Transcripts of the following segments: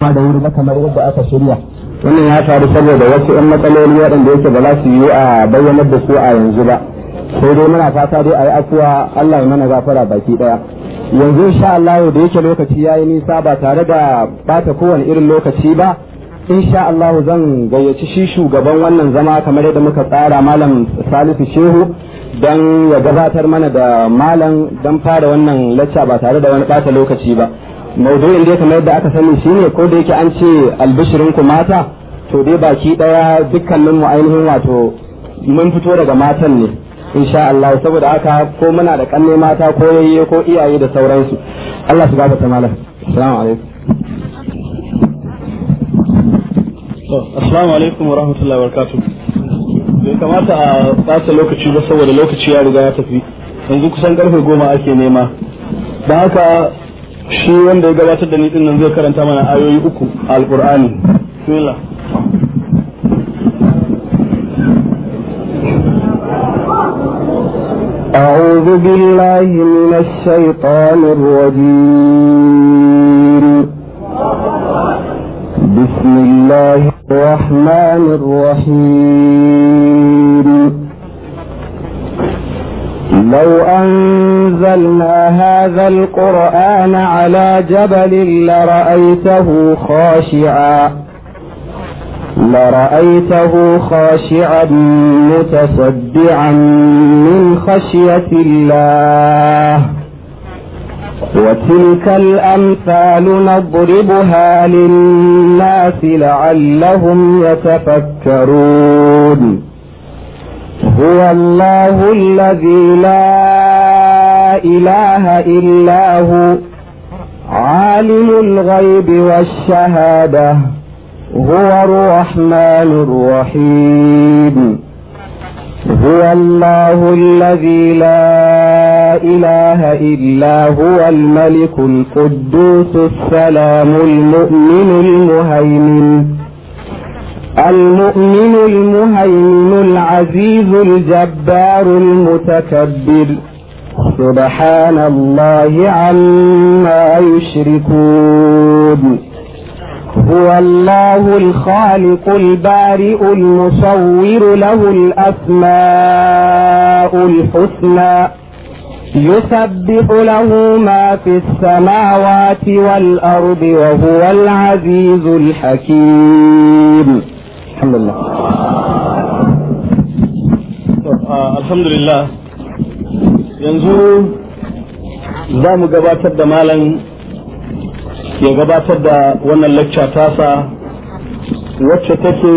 ma da wuri kamar yadda aka shirya wannan ya faru saboda wasu 'yan matsaloli waɗanda yake ba za su yi a bayyanar da su a yanzu ba sai dai muna fata dai a yi afuwa Allah ya mana gafara baki ɗaya yanzu insha Allah da yake lokaci yayi nisa ba tare da bata kowane irin lokaci ba insha Allah zan gayyaci shi shugaban wannan zama kamar yadda muka tsara malam Salisu Shehu dan ya gabatar mana da malam dan fara wannan lacca ba tare da wani bata lokaci ba maudu'in da kamar yadda aka sani shine ko da yake an ce albishirin ku mata to dai baki daya dukkanin mu ainihin wato mun fito daga matan ne insha Allah saboda haka ko muna da kanne mata ko yayye ko iyaye da sauransu Allah su ta malam assalamu alaikum to assalamu alaikum wa rahmatullahi wa barakatuh bai kamata a ɓata lokaci ba saboda lokaci ya riga ya tafi yanzu kusan karfe goma ake nema don haka shi wanda ya gabatar da ni din nan zai karanta mana ayoyi uku alqur'ani bismillah أعوذ بالله من الشيطان الرجيم بسم الله الرحمن الرحيم لو أنزلنا هذا القرآن على جبل لرأيته خاشعا لرأيته خاشعا متصدعا من خشية الله وتلك الأمثال نضربها للناس لعلهم يتفكرون هو الله الذي لا إله إلا هو عالم الغيب والشهادة هو الرحمن الرحيم هو الله الذي لا إله إلا هو الملك القدوس السلام المؤمن المهيمن المؤمن المهيمن العزيز الجبار المتكبر سبحان الله عما يشركون هو الله الخالق البارئ المصور له الأسماء الحسنى يسبح له ما في السماوات والأرض وهو العزيز الحكيم alhamdulillah yanzu za mu gabatar da malam ya gabatar da wannan lacca tasa wacce take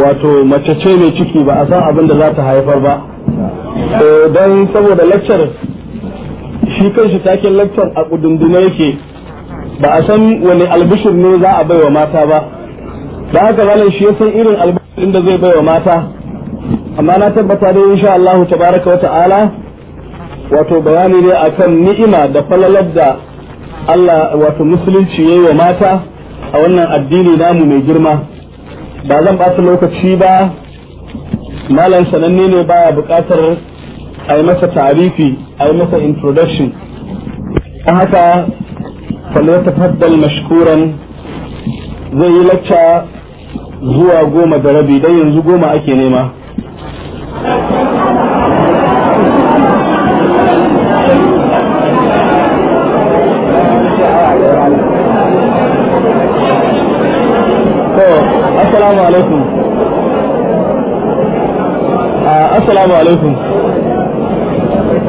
wato mace ce mai ciki ba a san abin da za ta haifar ba don saboda laccar shi kanshi taken laccar a kudundune yake ba a san wani albishir ne za a baiwa mata ba da haka malam shi ya san irin albarkacin da zai baiwa mata amma na tabbata dai insha Allah tabaraka wa ta'ala wato bayani ne akan ni'ima da falalar da Allah wato musulunci yayi wa mata a wannan addini namu mai girma ba zan ɓata lokaci ba malam sananne ne baya buƙatar a yi masa tarifi a yi masa introduction don haka falle ta faddal mashkuran zai yi lacca zuwa goma da rabi dan yanzu goma ake nema assalamu alaikum assalamu alaikum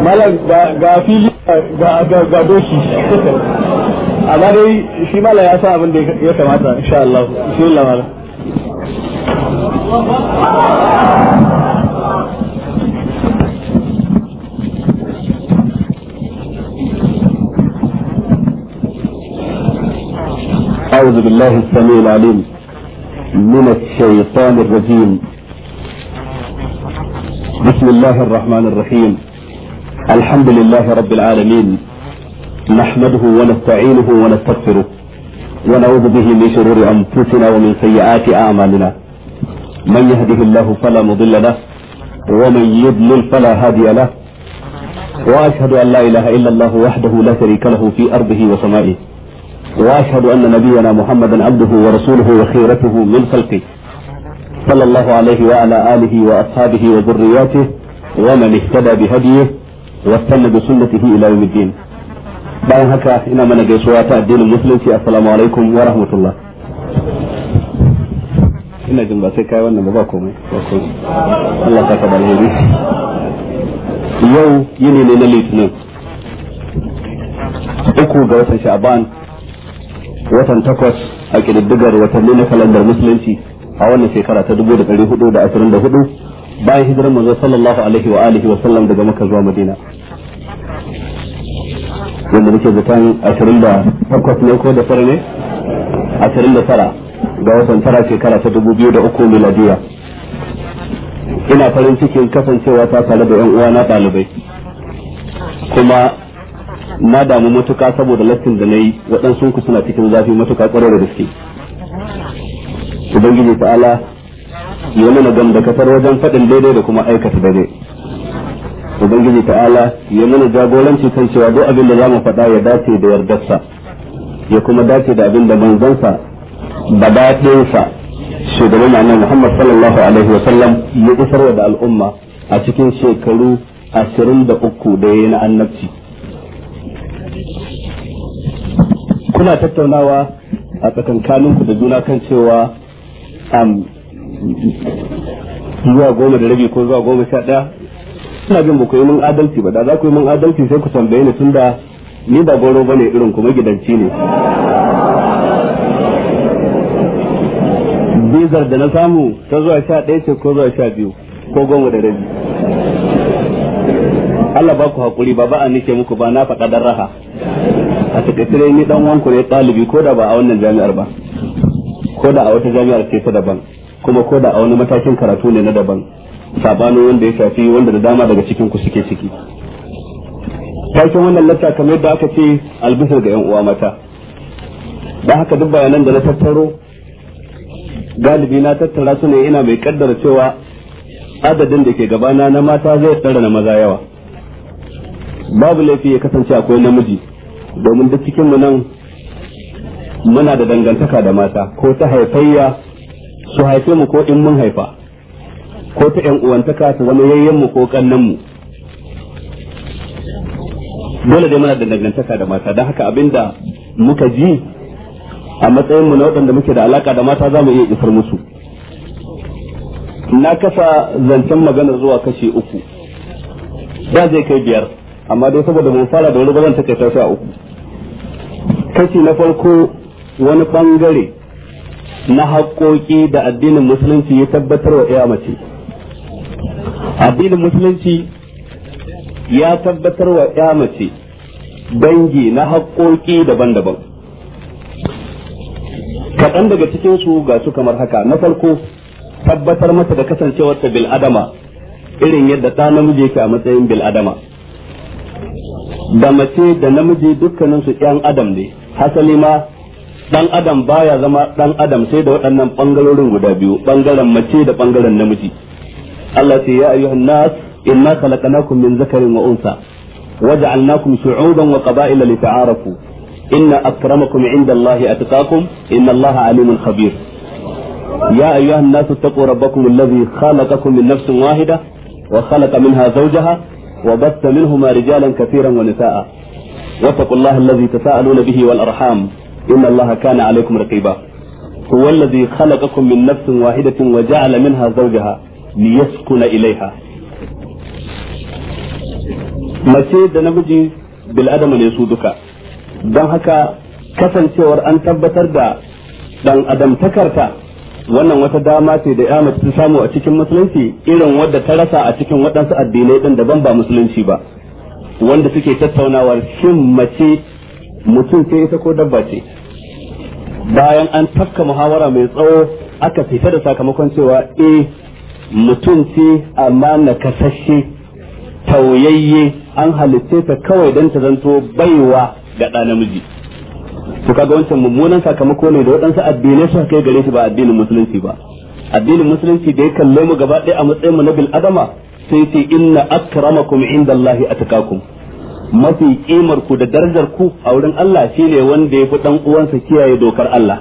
malam ga fili ga doki amma dai shi mala ya sa abin da ya kamata insha Allah Allah malam أعوذ بالله السميع العليم من الشيطان الرجيم بسم الله الرحمن الرحيم الحمد لله رب العالمين نحمده ونستعينه ونستغفره ونعوذ به من شرور أنفسنا ومن سيئات أعمالنا من يهده الله فلا مضل له ومن يضلل فلا هادي له واشهد ان لا اله الا الله وحده لا شريك له في ارضه وسمائه واشهد ان نبينا محمدا عبده ورسوله وخيرته من خلقه صلى الله عليه وعلى اله واصحابه وذرياته ومن اهتدى بهديه واستنى بسنته الى يوم الدين. بعد هكا انما من جيسوات الدين المسلم السلام عليكم ورحمه الله. ina jin ba sai kai wannan ba ba komai ba komai Allah ka ka balheri yau yini ne na litinin uku ga watan sha'ban watan takwas a kididdigar watanni na kalandar musulunci a wannan shekara ta dubu da da da hudu hudu bayan hijirar manzo sallallahu alaihi wa alihi wa sallam daga makka zuwa madina wanda nake zaton takwas ne ko da fara ne da tara. ga watan tara shekara ta dubu biyu da uku miladiya ina farin cikin kasancewa ta tare da yan uwana ɗalibai kuma na damu matuka saboda lattin da na yi waɗansu ku suna cikin zafi matuka ƙwarar da gaske ubangiji ta'ala ya mana gamdakatar wajen faɗin daidai da kuma aikata daidai ubangiji ta'ala ya mana jagoranci kan cewa duk abin da za mu faɗa ya dace da yardarsa ya kuma dace da abin da manzansa badaɗinsa shugaban annabi Muhammad sallallahu alaihi wa sallam ya isar da al'umma a cikin shekaru ashirin da uku da ya na annabci kuna tattaunawa a tsakankaninku da juna kan cewa zuwa goma da rabi ko zuwa goma sha ɗaya suna jin ku yi mun adalci ba da za ku yi mun adalci sai ku tambaye ni tunda ni ba goro ba ne irin kuma gidanci ne bizar da na samu ta zuwa sha ɗaya ce ko zuwa sha biyu ko goma da rabi Allah ba ku hakuri ba ba a nike muku ba na faɗa dan raha a takaice ni dan wanku ne ɗalibi ko da ba a wannan jami'ar ba ko da a wata jami'ar ce ta daban kuma ko da a wani matakin karatu ne na daban sabanin wanda ya shafi wanda da dama daga cikin ku suke ciki taken wannan latta kamar yadda aka ce albisar ga yan uwa mata da haka duk bayanan da na tattaro galibi na tattara su ne ina mai kaddara cewa adadin da ke gabana na mata zai tsara na maza yawa babu laifi ya kasance akwai namiji domin duk cikin nan muna da dangantaka da mata ko ta haifayya su haife mu ko in mun haifa ko ta yan uwantaka su zama yayyen mu ko kannan mu dole dai muna da dangantaka da mata don haka abinda muka ji a matsayinmu na waɗanda muke da alaka da mata za mu iya isar musu na kasa zancen magana zuwa kashe uku da zai kai biyar amma dai saboda mun fara da wani ba zan takaita shi a uku kashi na farko wani bangare na haƙoƙi da addinin musulunci ya tabbatar wa iya mace addinin musulunci ya tabbatar wa ya mace dangi na haƙoƙi daban-daban kaɗan daga cikin su ga su kamar haka na farko tabbatar masa da kasancewarta bil adama irin yadda ɗa namiji yake a matsayin bil adama da mace da namiji dukkanin su ƴan adam ne hasali ma dan adam baya zama dan adam sai da waɗannan bangarorin guda biyu ɓangaren mace da bangaren namiji Allah ce ya ayyuhan nas inna khalaqnakum min zakarin wa unsa waja'alnakum shu'uban wa qaba'ila lita'arafu إن أكرمكم عند الله أتقاكم إن الله عليم خبير يا أيها الناس اتقوا ربكم الذي خلقكم من نفس واحدة وخلق منها زوجها وبث منهما رجالا كثيرا ونساء واتقوا الله الذي تساءلون به والأرحام إن الله كان عليكم رقيبا هو الذي خلقكم من نفس واحدة وجعل منها زوجها ليسكن إليها مسيد نبجي بالأدم bil don haka kasancewar an tabbatar da dan takarta wannan wata dama ce da ya mace samu a cikin musulunci irin wadda ta rasa a cikin waɗansu addinai ɗin daban ba musulunci ba wanda suke tattaunawar shin mace mutum ce ita ko dabba ce bayan an tafka muhawara mai tsawo aka fita da sakamakon cewa eh mutum ce amma na kasashe tauyayye an halitta ta kawai don ta zanto baiwa ga ɗa namiji to kaga wancan mummunan sakamako ne da waɗansu addinai suka kai gare shi ba addinin musulunci ba addinin musulunci da ya kalle mu gaba ɗaya a matsayin mu na bil adama sai ce inna akramakum indallahi atqakum mafi kimar ku da darajar ku a wurin Allah shine wanda ya fi dan uwansa kiyaye dokar Allah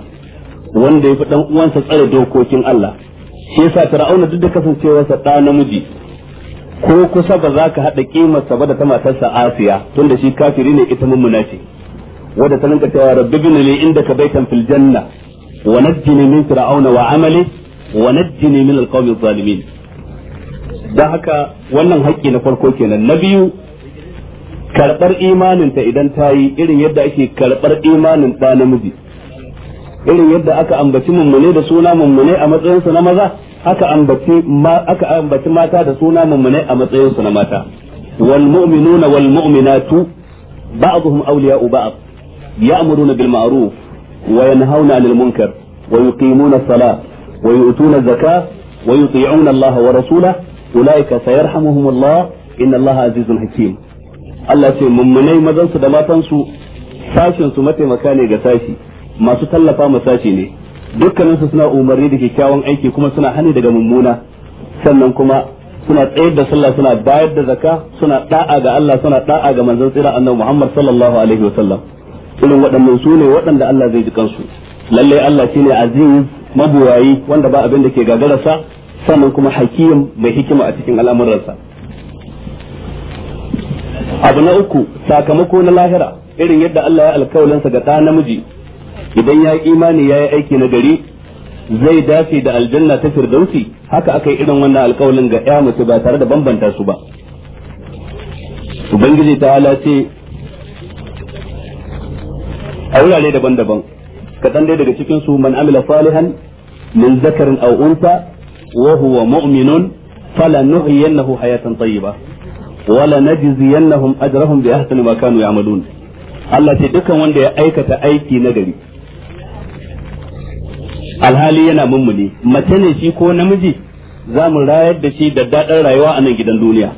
wanda ya fi dan uwansa tsare dokokin Allah shi yasa Fir'auna duk da kasancewarsa ɗa namiji ko kusa ba za ka haɗa ƙimarsa ba da ta matarsa asiya tunda shi kafiri ne ita mummuna ce wadda ta rinka cewa rabbi bin ne inda ka baitan fil janna wa najjini min fir'auna wa amali wa najjini min alqawmi zalimin dan haka wannan haƙƙi na farko kenan na biyu karɓar imaninta idan ta yi irin yadda ake karɓar imanin ɗa namiji irin yadda aka ambaci mummune da suna mummune a matsayinsa na maza aka ambaci ma aka ambaci mata da suna mummunai a matsayin su na mata wal mu'minuna wal mu'minatu ba'dhum awliya'u ba'd ya'muruna bil ma'ruf wa yanhauna 'anil munkar wa yuqimuna as-salata wa yu'tuna az wa yuti'una Allah wa rasulahu ulaika sayarhamuhum Allah inna Allah azizun hakim Allah ce mummunai mazan su da matan su sashin su mataimaka ne ga sashi masu tallafa masashi ne dukkaninsu suna umarni da kyakkyawan aiki kuma suna hani daga mummuna sannan kuma suna tsayar da sallah suna bayar da zaka suna da'a ga Allah suna da'a ga manzon tsira annabi Muhammad sallallahu alaihi sallam irin waɗannan su ne waɗanda Allah zai ji kansu lalle Allah shine azim mabuwayi wanda ba abin da ke gagararsa sannan kuma hakim mai hikima a cikin al'amuransa abu na uku sakamako na lahira irin yadda Allah ya alkawalinsa ga ɗa namiji idan ya yi imani ya yi aiki na gari zai dace da aljanna ta firdausi haka aka yi irin wannan alkawalin ga ya mace ba tare da bambanta su ba ubangiji ta ala ce a wurare daban-daban kaɗan dai daga cikin su man amila salihan min zakarin aw unta wa huwa mu'minun fala nuhyiyannahu hayatan tayyiba wala najziyannahum ajrahum bi ahsani ma kanu ya'malun Allah ce dukkan wanda ya aikata aiki na gari alhali yana mummuni mace ne shi ko namiji za mu rayar da shi da daɗin rayuwa a nan gidan duniya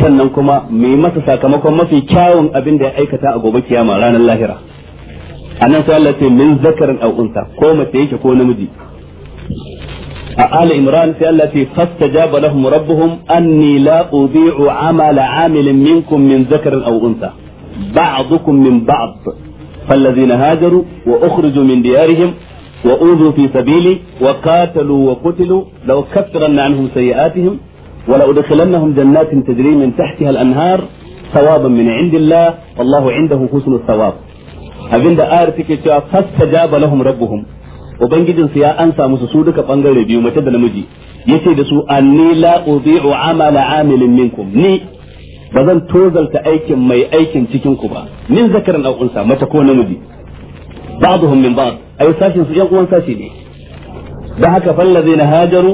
sannan kuma mu yi masa sakamakon mafi kyawun abin da ya aikata a gobe kiyama ranar lahira annan sai Allah ce min zakarin aw unsa ko mace yake ko namiji a ali imran sai Allah ce fastajaba lahum rabbuhum anni la ubi'u amala amilin minkum min zakarin aw unsa ba'dukum min ba'd فالذين هاجروا وأخرجوا من ديارهم وأوذوا في سبيلي وقاتلوا وقتلوا لو كفرن عنهم سيئاتهم ولأدخلنهم جنات تجري من تحتها الأنهار ثوابا من عند الله والله عنده حسن الثواب أبين ده آر فاستجاب لهم ربهم وبنجد سياء أنسى مسسودك بانجري بيوم تدن مجي يتي دسو أني لا أضيع عمل عامل منكم ني بذن توزل تأيكم مي أيكم تكنكم من ذكر أو أنسى ما تكون مجي بعضهم من بعض ai sashin su yan uwan sashi ne da haka na hajaru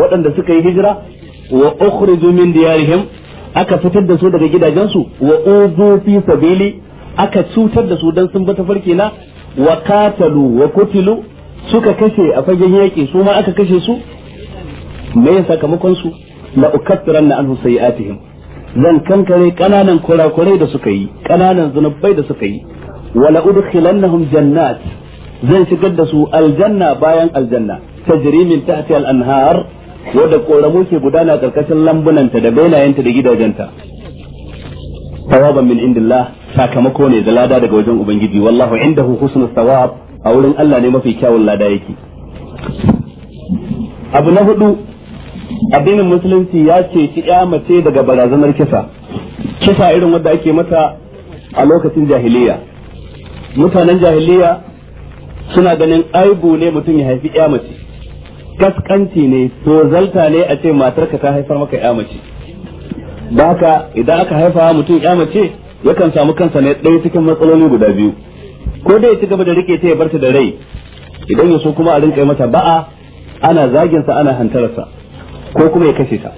waɗanda suka yi hijira wa ukhriju min diyarihim aka fitar da su daga gidajensu wa uzu fi sabili aka cutar da su dan sun bata farki na wa katalu wa kutilu suka kashe a fagen yaki su ma aka kashe su me ya sakamakon su la ukaffiran na anhu sayiatihim zan kankare kananan kurakurai da suka yi kananan zunubai da suka yi wala udkhilannahum jannat zan shigar da su aljanna bayan aljanna ta jarimin tahtiha al-anhar wadda koramu ke gudana karkashin lambunanta da bainayenta da gidajenta tawaban min indillah sakamako ne da lada daga wajen ubangiji wallahu indahu husnul thawab a wurin Allah ne mafi kyawun lada yake abu na hudu addinin musulunci ya ce ki mace daga barazanar kisa kisa irin wanda ake mata a lokacin jahiliya mutanen jahiliya suna ganin aibu ne mutum ya haifi ya mace kaskanci ne to zalta ne a ce matarka ta haifar maka ya mace baka idan aka haifa mutum ya mace yakan samu kansa ne ɗaya cikin matsaloli guda biyu ko dai ci gaba da rike ta ya barta da rai idan ya so kuma a rinka mata ba'a ana zagin sa ana hantararsa ko kuma ya kashe ta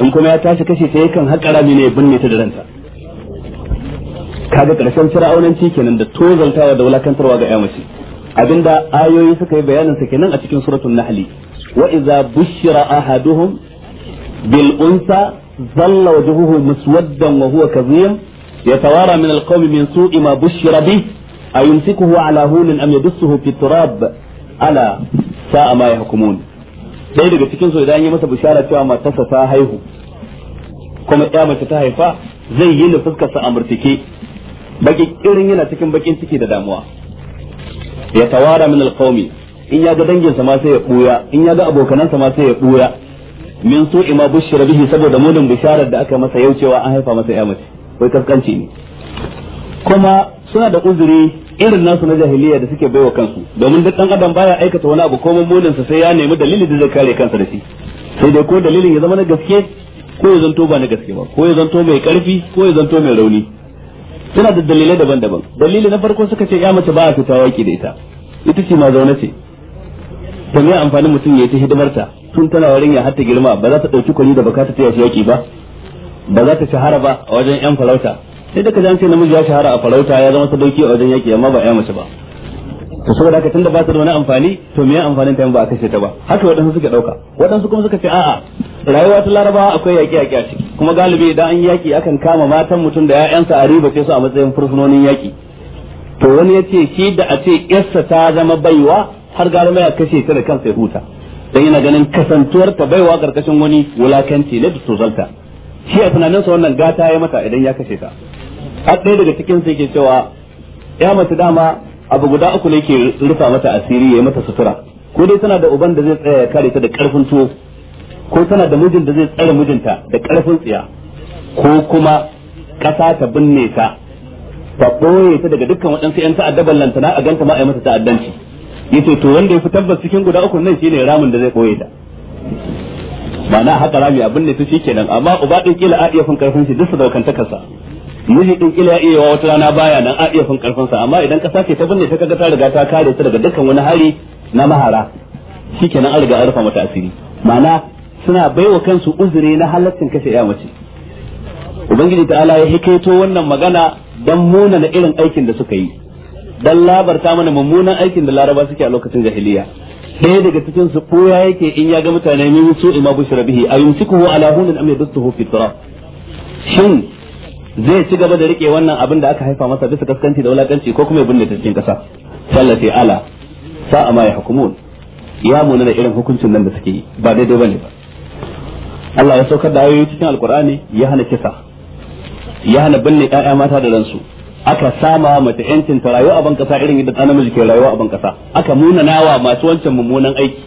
in kuma ya tashi kashe ta yakan haƙa rami ne ya binne ta da ranta kaga karshen fir'aunanci kenan da tozaltawa da wulakantarwa ga ya mace abinda ayoyi suka yi bayanin sa kenan a cikin suratul nahl wa idza bushira ahaduhum bil unsa zalla wajhuhu muswaddan wa huwa kadhim yatawara min al qawmi min su'i ma bushira bi ayumsikuhu ala hunin am yadussuhu fi turab ala sa'a ma yahkumun dai daga cikin su idan yi masa bishara cewa matarsa ta haihu kuma ya mace ta haifa zai yi na fuskar sa amurtike baki irin yana cikin bakin ciki da damuwa ya tawara min alqaumi in ya ga danginsa ma sai ya buya in ya ga sa ma sai ya buya min su ima bushira bihi saboda munin bisharar da aka masa yaucewa an haifa masa ya mace wai kaskanci ne kuma suna da uzuri irin nasu na jahiliya da suke baiwa kansu domin duk dan adam baya aikata wani abu komai munin sa sai ya nemi dalili da zai kare kansa da shi sai dai ko dalilin ya zama na gaske ko ya zanto ba na gaske ba ko ya zanto mai karfi ko ya zanto mai rauni suna da dalilai daban-daban dalili na farko suka ce ya mace ba a fita waƙi da ita ita ce ma zaune ce ta miya amfani mutum ya ta hidimarta tun tana wurin ya hatta girma ba za ta ɗauki kwari da baka ta taya yaki ba ba za ta shahara ba a wajen yan farauta sai da ka ce namiji ya shahara a farauta ya zama sadauki a wajen yaki amma ba ya mace ba to saboda haka tunda ba ta da wani amfani to me amfanin ta ba a kashe ta ba haka waɗansu suka ɗauka waɗansu kuma suka ce a'a rayuwa ta larabawa akwai yaki yaƙi a ciki kuma galibi idan an yaki akan kama matan mutum da 'ya'yansa a riba su a matsayin fursunonin yaki to wani ya ce shi da a ce 'yarsa ta zama baiwa har gara ya kashe ta da kansa ya huta dan yana ganin kasantuwar ta baiwa karkashin wani wulakanci ne da shi a tunaninsa wannan gata ya mata idan ya kashe ta har ɗaya daga cikin su ke cewa ya mace dama abu guda uku ne ke rufa mata asiri ya yi mata sutura ko dai tana da uban da zai tsaya ya kare ta da karfin tuwo ko tana da mijin da zai tsare mijinta da karfin tsiya ko kuma kasa ta binne ta ta ɓoye ta daga dukkan waɗansu 'yan ta'addaban lantana a ganta ma a yi mata ta'addanci yace to wanda ya fi tabbas cikin guda uku nan shine ramin da zai ɓoye ta ma'ana haka rami a binne ta shi kenan amma uba ɗin kila a iya fin karfin shi duk su daukantakarsa miji din kila iya wa wata rana baya nan a iya fin karfin sa amma idan ka ce ta binne ta kaga ta riga ta kare ta daga dukkan wani hari na mahara shikenan an riga an rufa mata asiri ma'ana suna baiwa kansu uzuri na halaccin kashe ya mace ubangiji ta'ala ya hikaito wannan magana dan muna na irin aikin da suka yi dan labarta mana mummunan aikin da laraba suke a lokacin jahiliya ɗaya daga cikin su koya yake in ya ga mutane mai su ima bushra bihi ayumsikuhu ala hunan am yadustuhu fi turab shin zai ci gaba da rike wannan abin da aka haifa masa bisa kaskanci da wulakanci ko kuma ya binne ta cikin kasa sai ala sa'a ma yahkumun ya muna da irin hukuncin nan da suke yi ba daidai bane ba Allah ya saukar da ayoyi cikin alkur'ani ya hana kisa ya hana binne ƴaƴa mata da ransu aka sama mata yancin ta rayuwa a ban kasa irin yadda ta namiji ke rayuwa a ban kasa aka nuna nawa masu wancan mummunan aiki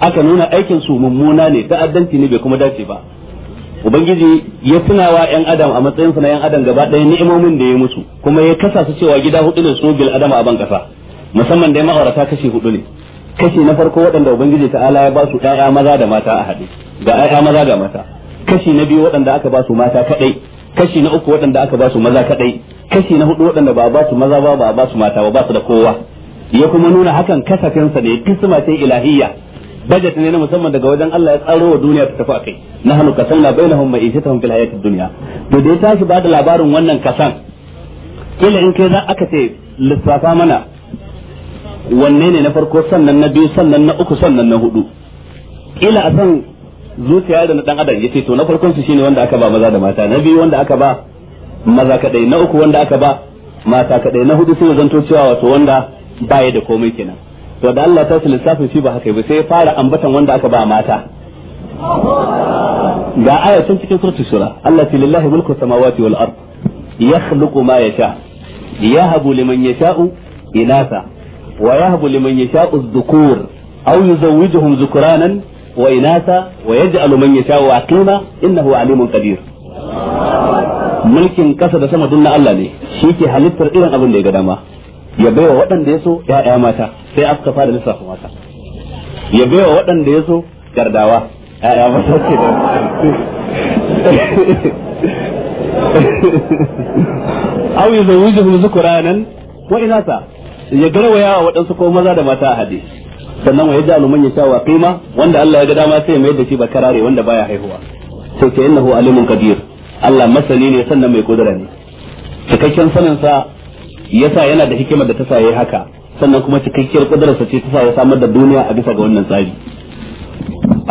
aka nuna aikin su mummuna ne ta'addanci ne bai kuma dace ba ubangiji ya tunawa yan adam a matsayinsu na yan adam gaba ɗaya ni'imomin da ya musu kuma ya kasa su cewa gida hudu ne su bil Adam a ban kasa musamman dai ma'aurata kashi hudu ne kashi na farko waɗanda ubangiji ta'ala ya ba su ƴaƴa maza da mata a haɗe ga ƴaƴa maza ga mata kashi na biyu waɗanda aka ba su mata kaɗai kashi na uku waɗanda aka ba su maza kaɗai kashi na hudu waɗanda ba a ba su maza ba ba a su mata ba ba su da kowa ya kuma nuna hakan kasafinsa ne kisma ce ilahiyya budget ne na musamman daga wajen Allah ya tsaro wa duniya ta tafi akai nahnu kasanna bainahum ma'ishatahum fil hayatid duniya to da ya tashi da labarin wannan kasan kila in kai za aka ce lissafa mana wanne ne na farko sannan na biyu sannan na uku sannan na hudu kila a san zuciya da na dan adam yace to na farkon su shine wanda aka ba maza da mata na biyu wanda aka ba maza kadai na uku wanda aka ba mata kadai na hudu sai zanto cewa wato wanda baya da komai kenan wanda Allah ta sani lissafin shi ba haka ba sai ya fara ambatan wanda aka ba mata ga aya can cikin suratul shura Allah ta lillahi mulku samawati wal ard yakhluqu ma yasha yahabu liman yasha'u inasa wa yahabu liman yasha'u dhukur aw yuzawwijuhum dhukranan wa inasa wa yaj'alu man yasha'u aqima innahu alimun qadir mulkin kasa da sama dunna Allah ne shi ke halittar irin abin da ya ga dama ya baiwa waɗanda ya so ya'ya mata sai aka fara lissafa mata ya baiwa waɗanda ya so gardawa ya'ya mata ke da aw zuku zukuranan wa ta ya ya wa waɗansu ko maza da mata a haɗe sannan wa yaj'alu ya sha wa qima wanda Allah ya ga dama sai ya mayar da shi karare wanda baya haihuwa sai ta innahu alimun kadir Allah masani ne sannan mai kudura ne cikakken sanin sa yasa yana da hikima da ta sa yayi haka sannan kuma cikakkiyar kudararsa ce ta sa ya samar da duniya a bisa ga wannan tsari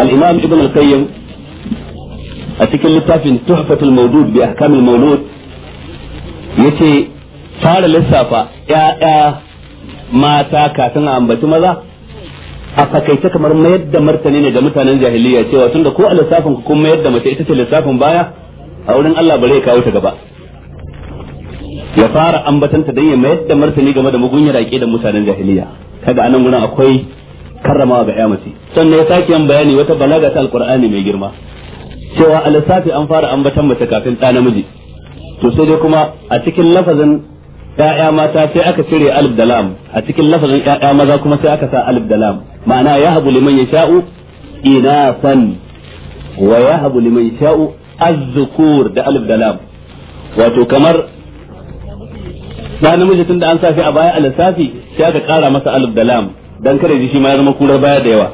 al-imam ibn al-qayyim a cikin littafin tuhfatul mawdud bi ahkamil mawlud yace fara lissafa ya'ya mata kafin a ambaci maza a fakaice kamar mayar da martani ne ga mutanen jahiliya cewa tunda ko a lissafin ku kun mayar da mace ita ce lissafin baya a wurin Allah bare kawo ta gaba ya fara ambatanta dan ya mayar da martani game da mugunyar da mutanen jahiliya kaga anan gurin akwai karramawa ga yamaci sannan ya sake yan bayani wata balaga ta alqur'ani mai girma cewa lissafi an fara ambatan mace kafin ɗa namiji to sai dai kuma a cikin lafazin ya'ya mata sai aka cire alif da lam a cikin lafazin ya'ya maza kuma sai aka sa alif da lam ma'ana ya liman yasha'u inasan wa ya liman yasha'u az da alif da lam wato kamar na namiji da an safi a baya a lissafi sai aka kara masa alif da lam dan kare shi ma ya zama kurar baya da yawa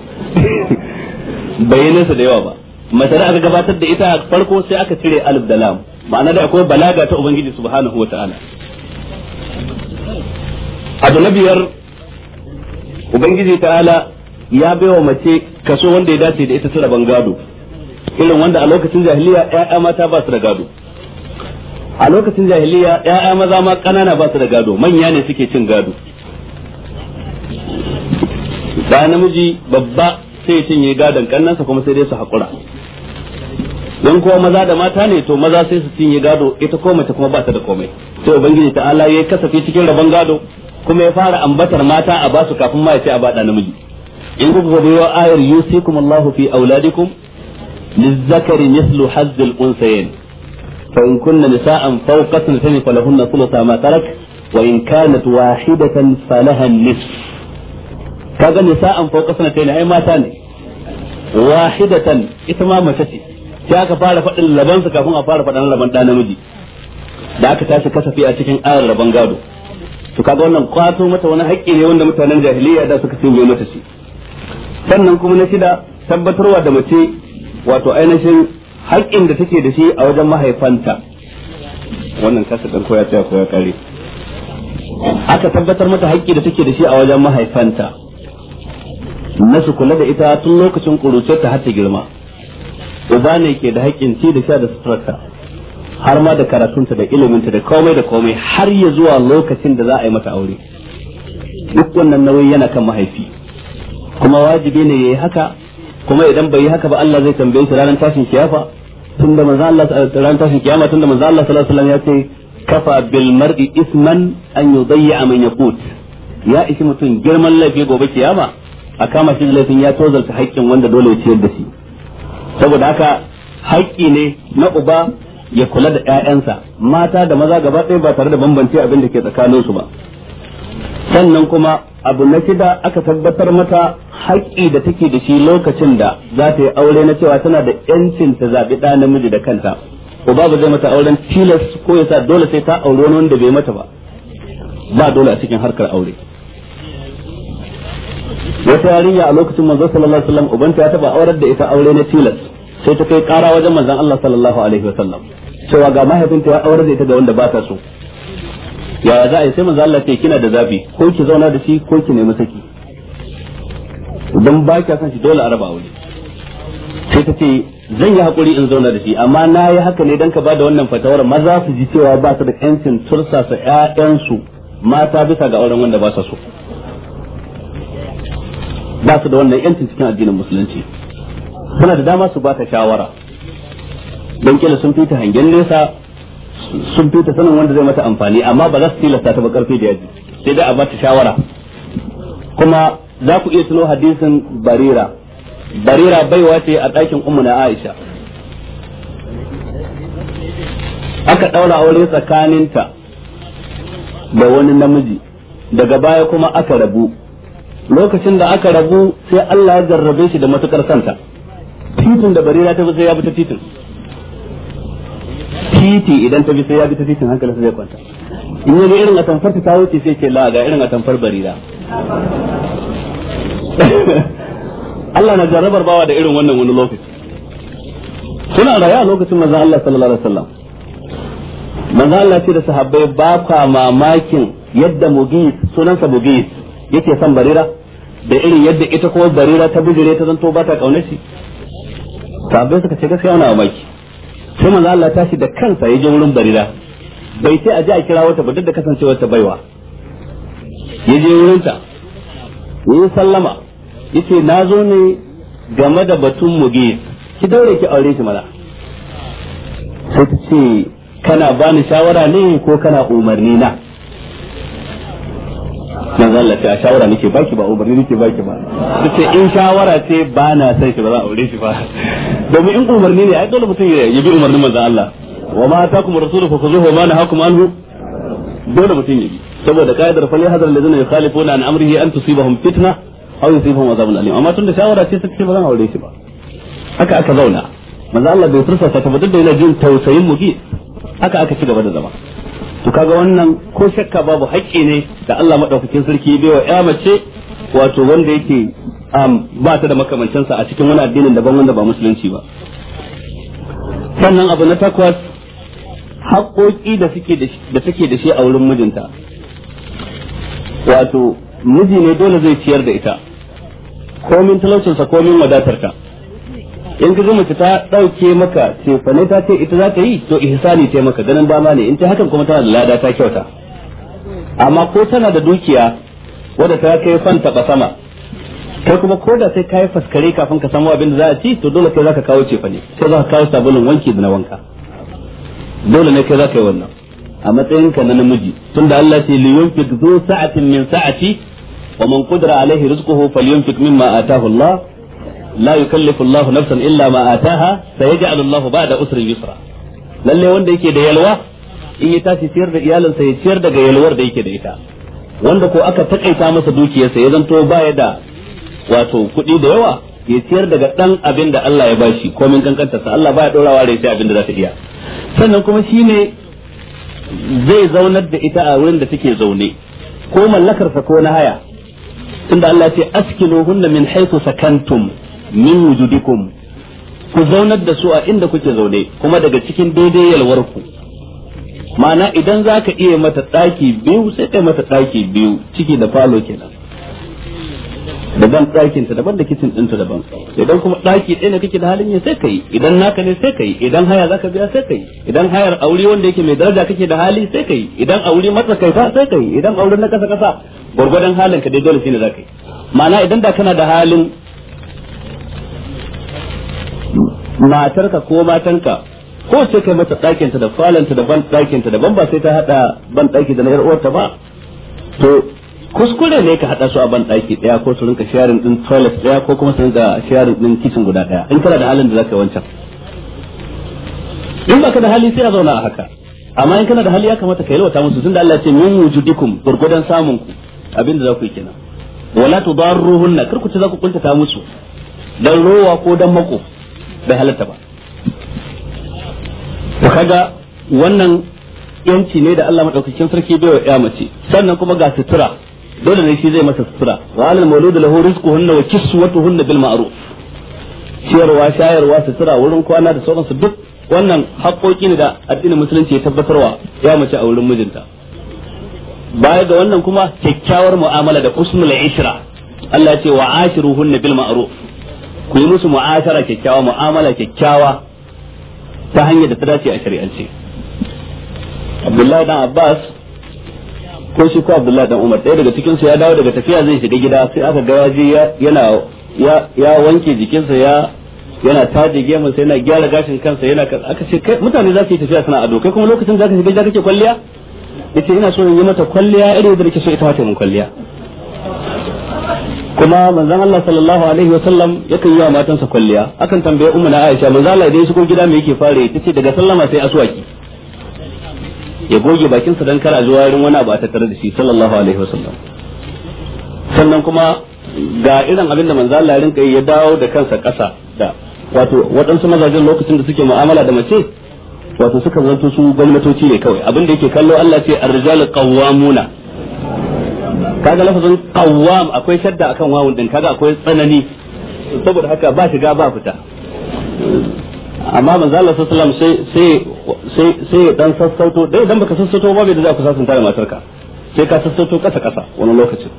bayyanarsa da yawa ba mace aka gabatar da ita a farko sai aka cire alif da lam ma'ana da akwai balaga ta ubangiji subhanahu wata'ala abu na biyar ubangiji ta'ala ya baiwa mace kaso wanda ya dace da ita ta bangado gado irin wanda a lokacin jahiliya yaya mata ba su da gado a lokacin jahiliya ya'ya maza ma kanana ba su da gado manya ne suke cin gado da namiji babba sai cinye gadon kannansa kuma sai dai su haƙura. don kuma maza da mata ne to maza sai su cinye gado ita ko mace kuma ba ta da komai sai ubangiji ta Allah ya kasafi cikin rabon gado kuma ya fara ambatar mata a basu kafin ma ya ce a ba namiji in kuka ga wa ayar yusikum Allahu fi auladikum lizzakari mislu hazzul unsayin fa in kunna nisa'an fawqa thulthayn falahunna thulutha ma tarak wa in kanat wahidatan falaha nisf kaga nisa'an fawqa thulthayn ai mata ne wahidatan ita ma mace ce sai aka fara faɗin labansa kafin a fara faɗin laban ɗa namiji da aka tashi kasafi a cikin arar rabon gado to kaga wannan kwato mata wani haƙƙi ne wanda mutanen jahiliya da suka cinye mata shi sannan kuma na shida tabbatarwa da mace wato ainihin haƙƙin da take da shi a wajen mahaifanta wannan kasa ɗan koya tsaya koya kare aka tabbatar mata haƙƙi da take da shi a wajen mahaifanta na su kula da ita tun lokacin ƙuruciyarta ta har ta girma uba ne ke da haƙƙin ci da sha da suturarta har ma da karatunta da iliminta da komai da komai har ya zuwa lokacin da za a yi mata aure duk wannan nauyi yana kan mahaifi kuma wajibi ne ya yi haka kuma idan bai yi haka ba Allah zai tambaye shi ranar tashin kiyafa tunda manzo Allah ran tashin kiyama tunda manzo Allah sallallahu alaihi wasallam ya ce kafa bil mar'i isman an yudayya man yaqut ya ishi mutum girman laifi gobe kiyama a kama shi laifin ya tozalta haƙƙin wanda dole ya ciyar da shi saboda haka haƙƙi ne na uba ya kula da ƴaƴansa mata da maza gaba ɗaya ba tare da bambance abin da ke tsakaninsu ba sannan kuma abu na shida aka tabbatar mata haƙƙi da take da shi lokacin da za ta yi aure na cewa tana da yancin ta zaɓi ɗa namiji da kanta uba ba zai mata auren tilas ko ya sa dole sai ta aure wani wanda bai mata ba ba dole a cikin harkar aure wata yarinya a lokacin manzo sallallahu alaihi wasallam ubanta ya taba aurar da ita aure na tilas sai ta kai ƙara wajen manzon Allah sallallahu alaihi wasallam cewa ga mahaifinta ya aurar da ita ga wanda ba ta so ya za a yi sai manzo Allah ce kina da zabi ko ki zauna da shi ko ki nemi saki don ba ki san shi dole a raba aure sai ta ce zan yi hakuri in zauna da shi amma na yi haka ne dan ka ba da wannan fatawar maza su ji cewa ba su da yancin su ƴaƴansu mata bisa ga auren wanda ba sa so ba su da wannan ƴancin cikin addinin musulunci suna da dama su ba ta shawara don kila sun fita hangen nesa sun fita sanin wanda zai mata amfani amma ba za su tilasta ta ba karfi da yaji sai dai a ba shawara kuma za ku iya suno hadisin barira barira baiwa ce a ɗakin ummu na aisha aka ɗaura aure tsakaninta da wani namiji daga baya kuma aka rabu lokacin da aka rabu sai Allah ya jarrabe shi da matukar santa titin da barira ta fi sai ya bi ta titin titi idan ta bi sai ya bi ta titin hankali sai zai kwanta in ya irin irin atamfar ta wuce sai ce la ga irin atamfar barira Allah na jarabar bawa da irin wannan wani lokaci suna raya lokacin manzon Allah sallallahu alaihi wasallam manzon Allah ce da sahabbai ba kwa mamakin yadda mugis sunansa mugis yake son barira da irin yadda ita kuma barira ta bijire ta zanto ba ta kaunar shi sahabbai suka ce gaskiya ana mamaki sai manzo Allah tashi da kansa ya je wurin barira bai sai a ji a kira wata ba duk da kasancewar ta baiwa ya je wurin ta yi sallama yace na zo ne game da batun muge ki daure ki aure shi mana sai ta ce kana bani shawara ne ko kana umarni na manzo Allah ta shawara nake baki ba umarni nake baki ba Duk tace in shawara ce ba na san shi ba za a aure shi ba domin in umarni ne ai dole mutum ya bi umarnin manzo Allah wa ma atakum rasuluhu fakhuzuhu wa ma nahakum anhu dole mutum ya bi saboda kaidar fal yahdhar alladhina yukhalifuna an amrihi an tusibahum fitna aw yusibahum azabun alim amma tun da shawara ce ta ba zan aure shi ba haka aka zauna manzo Allah bai tursa ta ba duk da yana jin tausayin mu bi haka aka ci gaba da zama to kaga wannan ko shakka babu haƙƙi ne da Allah madaukakin sarki bai wa ya mace wato wanda yake um, ba ta da makamancinsa a cikin wani addinin daban wanda ba musulunci ba sannan abu na takwas haƙƙoƙi da suke da take da shi a wurin mijinta wato miji ne dole zai ciyar da ita komin talaucinsa komin wadatarta in ka mace ta dauke maka cefane ta ce ita za ta yi to ihsani ta maka ganin dama ne in ta hakan kuma tana da lada ta kyauta amma ko tana da dukiya wadda ta kai fanta ba sama kai kuma ko da sai ka yi faskare kafin ka samu abin da za a ci to dole kai za ka kawo cefane kai za ka kawo sabulun wanki da na wanka dole ne kai za ka yi wannan a matsayinka na namiji tunda Allah ce li yunfiq zu sa'atin min sa'ati wa man qudira alaihi rizquhu falyunfiq mimma ataahu Allah la yukallifu Allahu nafsan illa ma ataha sayaj'alu Allahu ba'da usri yusra lalle wanda yake da yalwa in ya tashi ciyar da iyalinsa ya ciyar daga yalwar da yake da ita wanda ko aka takaita masa dukiyarsa ya zanto baya da wato kuɗi da yawa ya ciyar daga dan abin da Allah ya bashi komin sa Allah baya ɗorawa rai sai abin da za ta iya sannan kuma shine zai zaunar da ita a wurin da take zaune ko mallakarsa ko na haya tunda Allah ce askinu hunna min haythu sakantum min wujudikum ku zaunar da su a inda kuke zaune kuma daga cikin daidai yalwar ku ma'ana idan za ka iya mata ɗaki biyu sai kai mata ɗaki biyu ciki da falo kenan daban ɗakin ta daban da kicin ɗinta daban idan kuma ɗaki ɗaya ne kake da halin ya sai kai idan naka ne sai kai idan haya zaka biya sai kai idan hayar aure wanda yake mai daraja kake da hali sai kai idan aure matsakaita sai kai idan aure na kasa kasa gwargwadon halin ka dai dole shine zaka yi ma'ana idan da kana da halin matarka ko matanka ko sai kai mata ɗakinta da falanta da ban ɗakinta ban ba sai ta haɗa ban ɗaki da na yar uwarta ba to kuskure ne ka haɗa su a ban ɗaki ɗaya ko su rinka sharing ɗin toilet ɗaya ko kuma su rinka sharing ɗin kitchen guda ɗaya in kana da halin da za ka yi wancan in baka da hali sai a zauna a haka amma in kana da hali ya kamata ka yalwata musu tunda Allah ya ce min wujudikum gurgudan samun ku abinda za ku yi kenan wala tudarruhunna kar ku ci za ku kuntata musu dan rowa ko dan makofi bai halatta ba to kaga wannan yanci ne da Allah madaukakin sarki bai wa ya mace sannan kuma ga sutura dole ne shi zai masa sutura wa alal mawlud lahu rizquhunna wa kiswatuhunna bil ma'ruf ciyarwa shayarwa sutura wurin kwana da sauransu duk wannan haƙoƙi ne da addinin musulunci ya tabbatarwa ya mace a wurin mijinta baya ga wannan kuma kyakkyawar mu'amala da husnul ishra Allah ya ce wa ashiruhunna bil ma'ruf ku yi musu mu'asara kyakkyawa mu'amala kyakkyawa ta hanyar da ta dace a shari'ance Abdullahi dan Abbas ko shi ko Abdullahi dan Umar ɗaya daga cikin su ya dawo daga tafiya zai shiga gida sai aka ga waje yana ya wanke jikinsa ya yana taje gemun sai yana gyara gashin kansa yana aka ce kai mutane za su yi tafiya suna ado kai kuma lokacin za ka shiga gida kake kwalliya yace ina so in yi mata kwalliya irin da nake so ita ma ta mun kwalliya kuma manzon Allah sallallahu alaihi wa sallam yakan yi wa matansa kwalliya akan tambaye ummu na Aisha manzon Allah idan shigo gida me yake fare ce daga sallama sai aswaki ya goge bakin sa dan kara zuwa irin wani abu a tattare da shi sallallahu alaihi wa sallam sannan kuma ga irin abin da manzon Allah ya rinka ya dawo da kansa kasa da wato waɗansu mazajen lokacin da suke mu'amala da mace wato suka zanto su gwamnatoci ne kawai abin da yake kallo Allah ce ar-rijalu qawwamuna kaga lafazin qawwam akwai shadda akan wawun din kaga akwai tsanani saboda haka ba shiga ba fita amma manzo Allah sallallahu alaihi wasallam sai sai sai dan sassauto dai idan baka sassauto ba bai da za ku sasanta da matarka sai ka sassauto kasa kasa wani lokacin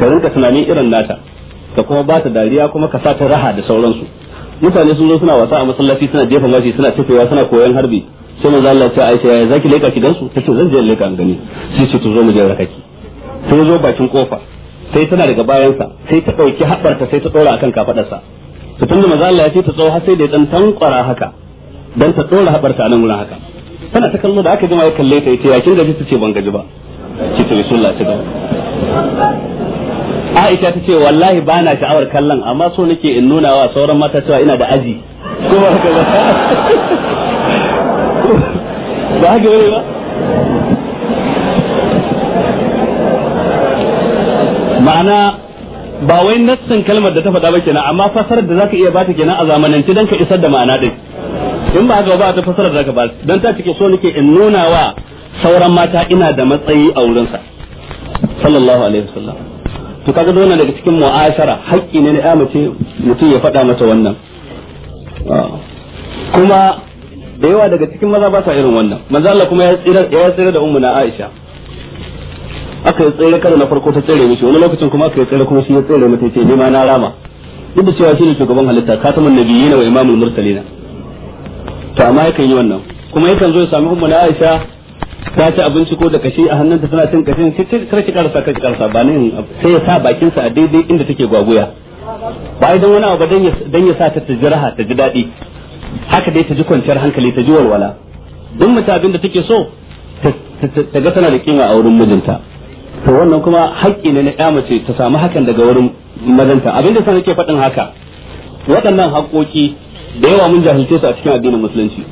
ka rinka tunani irin nata ka kuma ba ta dariya kuma ka sa ta raha da sauransu mutane sun zo suna wasa a masallaci suna jefa mashi suna tafiya suna koyon harbi sai manzo Allah ya ce Aisha ya zaki leka ki su tace zan je leka an gani sai ce to zo mu je raka ki sai zo bakin kofa sai tana daga bayansa sai ta ɗauki haɓarta sai ta ɗora akan kafaɗarsa to tun da maza Allah ya ce ta tsoha sai da ya ɗan tankwara haka dan ta ɗora haɓarta a nan wurin haka tana ta kallo da aka jima ya kalle ta yace yakin gaji tace ban gaji ba ki ta bismillah ta gaba Aisha ta ce wallahi ba na sha'awar kallon amma so nake in nuna wa sauran mata cewa ina da aji kuma ka ba ba haka ba ma'ana ba wai nassin kalmar da ta faɗa ba kenan amma fasarar da zaka iya bata kenan a zamanance dan ka isar da ma'ana din in ba haka ba ta fasarar da ka ba dan ta cike so nake in nuna wa sauran mata ina da matsayi a wurin sa sallallahu alaihi wasallam to kaga dole daga cikin mu'ashara haƙƙi ne na ya mace mutum ya faɗa mata wannan ah. kuma da yawa daga cikin maza ba sa irin wannan manzo Allah kuma ya tsira da ummu na Aisha aka yi tsere kada na farko ta tsere mishi wani lokacin kuma aka yi tsere kuma shi ya tsere mata ce ni ma na rama duk da cewa ne shugaban halitta khatamun nabiyina wa imamul mursalina to amma yakan yi wannan kuma yakan zo ya sami ummu Aisha ta ci abinci ko da kashi a hannunta tana cin kashi kar ki karasa kar ki karasa ba ne sai ya sa bakin a daidai inda take gwaguya ba idan wani abu dan ya sa ta ta jiraha ta ji dadi haka dai ta ji kwanciyar hankali ta ji walwala duk mutabin da take so ta ga tana da kima a wurin mijinta to wannan kuma haƙƙi ne na ya mace ta samu hakan daga wurin mazanta abinda sai nake faɗin haka waɗannan haƙƙoƙi da yawa mun jahilce su a cikin addinin musulunci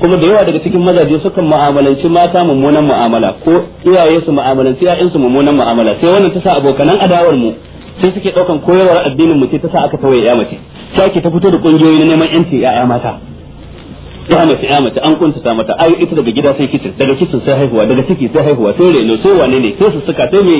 kuma da yawa daga cikin mazaje sukan mu'amalanci mata mummunan mu'amala ko iyaye su mu'amalanci ƴaƴan su mummunan mu'amala sai wannan ta sa abokanan adawar mu sai suke ɗaukan koyarwar addinin mu ce ta sa aka tawaye ya mace sai ake ta fito da ƙungiyoyi na neman ƴanci ƴaƴa mata ya mace ya mace an ta mata ai ita daga gida sai kicin daga kicin sai haihuwa daga ciki sai haihuwa sai reno sai wane ne sai su suka sai me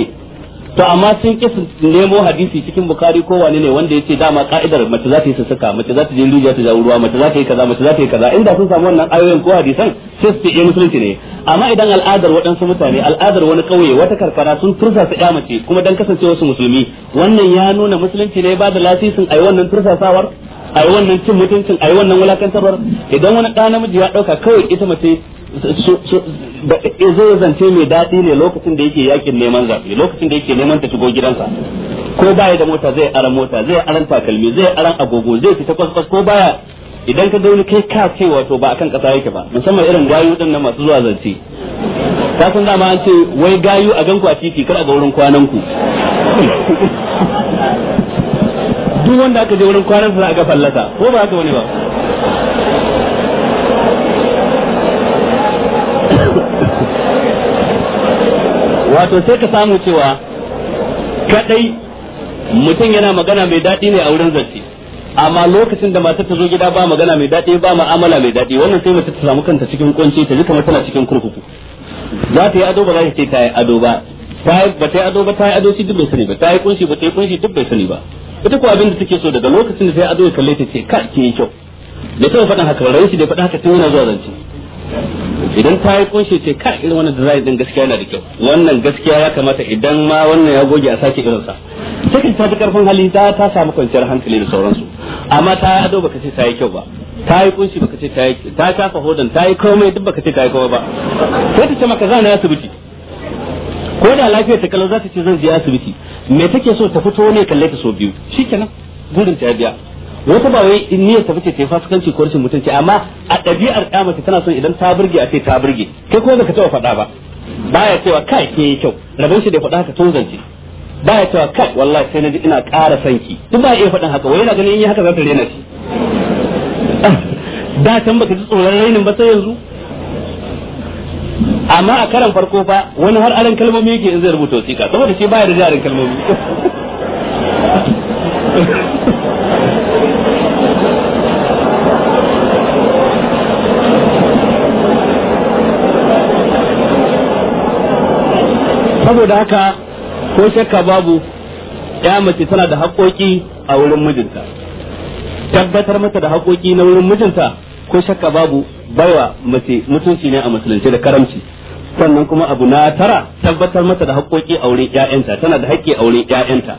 to amma sun kisu nemo hadisi cikin bukari ko wane ne wanda yace dama ka'idar mace za ta yi suka mace za ta je rijiya ta jawo ruwa mace za ta yi kaza mace za ta yi kaza inda sun samu wannan ayoyin ko hadisan sai su yi eh, musulunci ne amma idan al'adar waɗansu mutane al'adar wani ƙauye wata karfana sun tursa su ya mace kuma dan kasancewa su musulmi wannan ya nuna musulunci ne ba da lasisin ai wannan tursasawar a yi wannan cin mutuncin a yi wannan wulakantarwar idan wani ɗa namiji ya ɗauka kawai ita mace eh, zai zance mai daɗi ne lokacin da yake yakin neman zaɓe lokacin da yake neman ta shigo gidansa ko baya da mota zai aran mota zai aran takalmi zai aran agogo zai fita kwaskwas ko baya idan ka dauni kai ka ce wato ba akan ƙasa yake ba musamman irin gayu ɗin na masu zuwa zance ka san dama an ce wai gayu a ganku a titi kar a ga wurin kwananku. duk wanda aka je wurin kwanan sa aka fallasa ko ba haka wani ba wato sai ka samu cewa kadai mutum yana magana mai daɗi ne a wurin zance amma lokacin da matar ta zo gida ba magana mai daɗi ba ma'amala mai daɗi wannan sai mace ta samu kanta cikin kunci ta ji kamar tana cikin kurkuku za ta yi ado ba za ta ce ta yi ado ba ba ta yi ado ba ta yi ado shi duk bai sani ba ta yi kunshi ba ta yi kunshi duk bai sani ba ita kuwa abin da take so daga lokacin da sai ado ya kalle ta ce ka ke yi kyau da ta faɗin haka rai shi da faɗa haka tun yana zuwa zance idan ta yi kunshi ce ka irin wannan da zai din gaskiya yana da kyau wannan gaskiya ya kamata idan ma wannan ya goge a sake irinsa sa. ta ji karfin hali ta ta samu kwanciyar hankali da sauransu amma ta yi ado baka ce ta yi kyau ba ta yi kunshi baka ce ta yi ta kafa hodan ta yi komai duk baka ce ta yi komai ba sai ta ce maka zana asibiti ko da lafiya ta kalau za ta ce zan je asibiti me take so ta fito ne kalle ta so biyu shikenan gurin ta biya wata ba wai in niyyar ta fice ta fasikanci ko rashin mutunci amma a ɗabi'ar ya mace tana son idan ta burge a ce ta burge kai ko ka taɓa faɗa ba baya cewa kai ke yi kyau rabin shi da faɗa haka tozance baya cewa kai wallahi sai na ji ina ƙara sanki duk ba iya faɗin haka wai yana ganin in yi haka za ta rena shi da can baka ji tsoron rainin ba sai yanzu amma a karan farko fa wani har aran kalmomi yake in zai rubuta wasiƙa saboda shi baya da jarin kalmomi saboda haka ko shakka babu ya mace tana da haƙoƙi a wurin mijinta tabbatar mata da haƙoƙi na wurin mijinta ko shakka babu baiwa mace mutunci ne a musulunci da karamci sannan kuma abu na tara tabbatar mata da hakoki a wurin ƴaƴanta tana da haƙƙi a wurin ƴaƴanta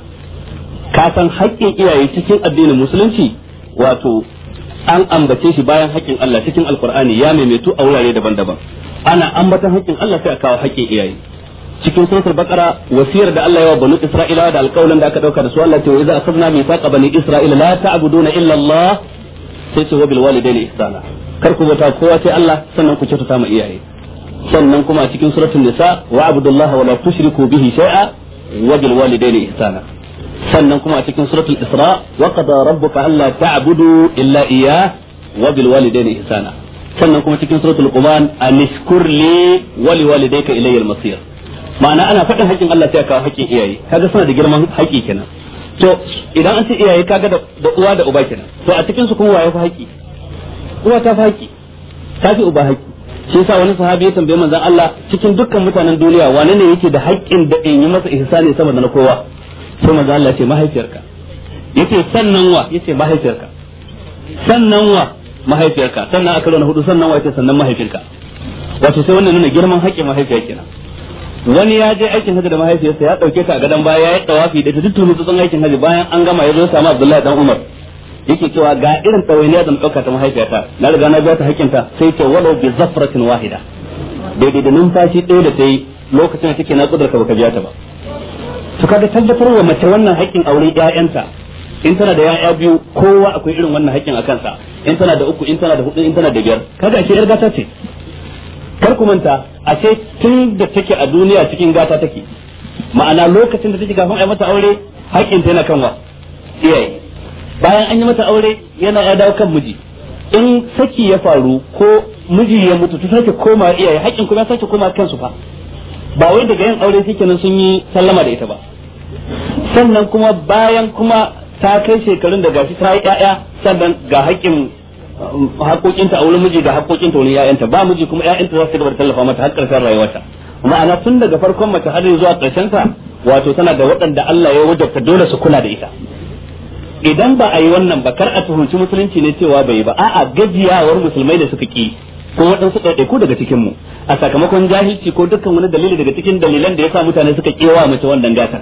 ka san haƙƙin iyaye cikin addinin musulunci wato an ambace shi bayan haƙƙin Allah cikin Alqur'ani ya maimaitu a wurare daban-daban ana ambatan haƙƙin Allah sai a kawo haƙƙin iyaye cikin suratul baqara wasiyar da Allah ya wa banu isra'ila da alƙawlan da aka dauka da su Allah ce wa za a mi saqa bani isra'ila la ta'buduna illa Allah sai ce wa bil walidaini ihsana kar ku bauta kowa sai Allah sannan ku kyautata ma iyaye sannan kuma a cikin suratul nisa wa abudullaha wa la tushriku bihi shay'a wa bil walidayni ihsana sannan kuma a cikin suratul isra wa qada rabbuka alla ta'budu illa iya wa bil walidayni ihsana sannan kuma cikin suratul quman anishkur li wa li walidayka ilayya al masir ma'ana ana faɗin haƙƙin Allah sai ka haƙƙin iyaye kaga suna da girman haƙƙi kenan to idan an ce iyaye kaga da uwa da uba kenan to a cikin su kuma waye fa haƙƙi kuma ta fi haƙƙi ta fi uba haƙƙi shi yasa wani sahabi ya tambaye manzon Allah cikin dukkan mutanen duniya wane ne yake da haƙƙin da in yi masa ihsani sama da na kowa sai manzon Allah ce mahaifiyarka yace sannan wa yace mahaifiyarka sannan wa mahaifiyarka sannan aka na hudu sannan wa yace sannan mahaifinka wato sai wannan nuna girman haƙƙin mahaifiya kenan wani ya je aikin haji da mahaifiyarsa ya dauke ta a gadon baya ya yi tawafi da ta duk tunu aikin hajji bayan an gama ya zo samu Abdullahi dan Umar yake cewa ga irin tsawainiya da na ɗauka ta mahaifiyata na riga na biya ta hakinta sai ce walau bi zafratin wahida daidai da numfashi ɗaya da ta yi lokacin da take na kudurka baka biya ta ba to kaga tabbatar wa mace wannan haƙƙin aure ƴaƴanta in tana da ƴaƴa biyu kowa akwai irin wannan haƙƙin a kansa in tana da uku in tana da hudu in tana da biyar kaga shi yar gata ce kar ku manta a ce tun da take a duniya cikin gata take ma'ana lokacin da take kafin a mata aure haƙƙin ta yana kanwa iyaye bayan an yi mata aure yana ya dawo kan miji in saki ya faru ko miji ya mutu ta sake koma iyaye haƙƙin kuma ya sake koma kansu fa ba wai daga yin aure sai kenan sun yi sallama da ita ba sannan kuma bayan kuma ta kai shekarun da gashi ta yi ƴaƴa sannan ga haƙƙin uh, haƙoƙinta a wurin miji ga haƙoƙinta wurin ƴaƴanta ba miji kuma ƴaƴanta za su gaba da tallafa mata har ƙarshen rayuwarta ma'ana tun daga farkon mace har zuwa ƙarshen sa wato tana da waɗanda Allah ya wajabta dole su kula da ita idan ba a yi wannan ba kar a tuhunci musulunci ne cewa bai ba a'a gajiyawar musulmai da suka ki ko waɗansu ɗaiɗaiku daga cikin mu a sakamakon jahilci ko dukkan wani dalili daga cikin dalilan da yasa mutane suka kewa mace wannan gatar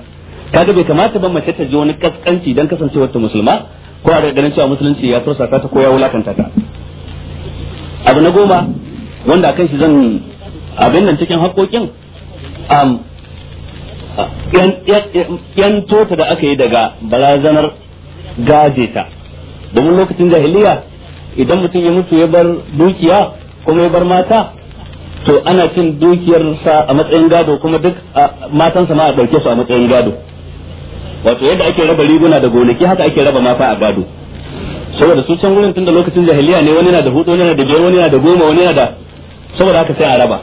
kaga bai kamata ba mace ta ji wani kaskanci dan kasancewar ta musulma ko a ganin cewa musulunci ya tursa ta ko ya wulakanta ta abu na goma wanda kan shi zan abin nan cikin haƙoƙin yan tota da aka yi daga barazanar gaje ta domin lokacin jahiliya idan mutum ya mutu ya bar dukiya kuma ya bar mata to ana cin dukiyarsa a matsayin gado kuma duk matansa ma a ɗauke su a matsayin gado wato yadda ake raba riguna da gonaki haka ake raba mata a gado saboda su can gurin tun da lokacin jahiliya ne wani na da hudu wani na da biyar wani na da goma wani na da saboda haka sai a raba